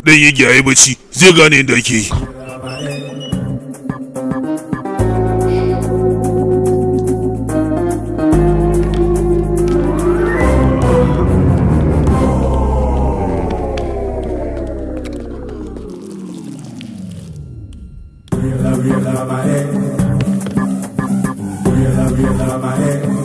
dan ya gyaye bacci zai gane yadda ake yi Yeah.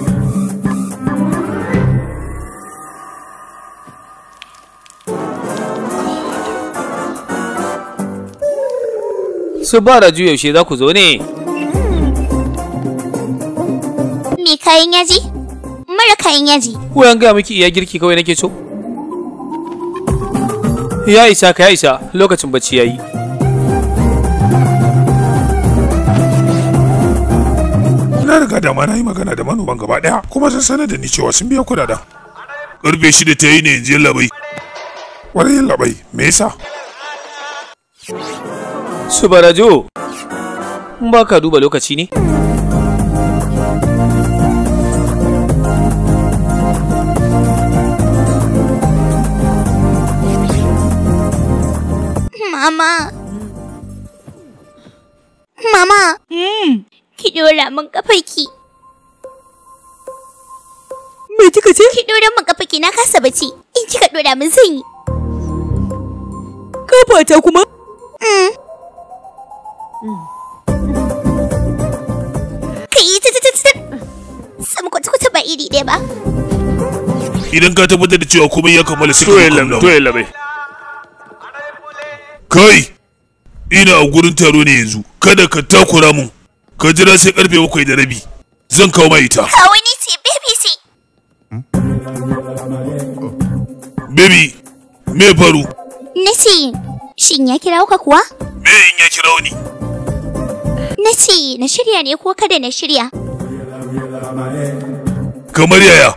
su ba da yaushe za ku zo ne me kayan yaji mara kayan yaji ko yan gaya miki iya girki kawai nake so ya isa ka ya isa lokacin bacci ya yi. na riga da na yi magana da manoman gaba daya kuma sun sanar da ni cewa sun biya kudaden karfe shida ta yi ne yanzu labai wani yin labai me yasa Subarajo, ba ka duba lokaci ne? Mama! Mama! Mm. Ki dora min kafarki. Me kika ce? Ki dora min kafarki na kasa bacci. In kika dora min zan yi. ta kuma? Mm. Kai ta ta ta ta sam kwata-kwata ba iri ɗaya ba. Idan ka tabbatar da cewa komai ya kammala sai ka kammala. To yalla Kai ina a gurin taro ne yanzu kada ka takura mun ka jira sai karfe bakwai da rabi zan kawo mai ita. ni ce baby ce. Baby me faru? Nace shin ya kira ka kuwa? Me in ya kira ni? na ce na shirya ne ko kada na shirya. Kamar yaya?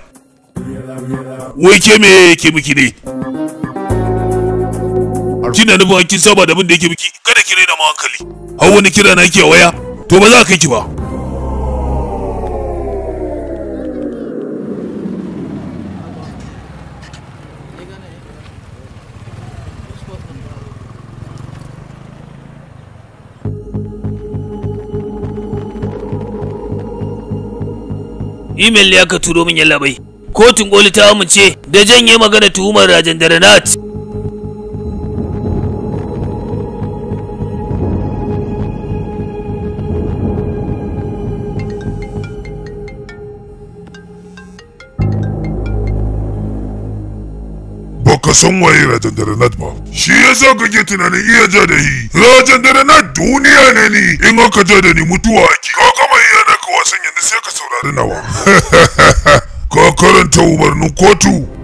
Wai ke me yake miki ne? Kina nufin hankin saba da abin da yake miki kada ki raina ma hankali. Har wani kira na yake waya to ba za ka ki ba. email ne ka turo min yallaɓai kotun koli ta amince da janye magana tuhumar rajan nath ka san waye Rajandaranat ba. Shi ya sa ka ke tunanin iya ja da rajan duniya ne ni in aka ja da ni mutuwa ake. sai ka saurari nawa ka karanta umarnin kotu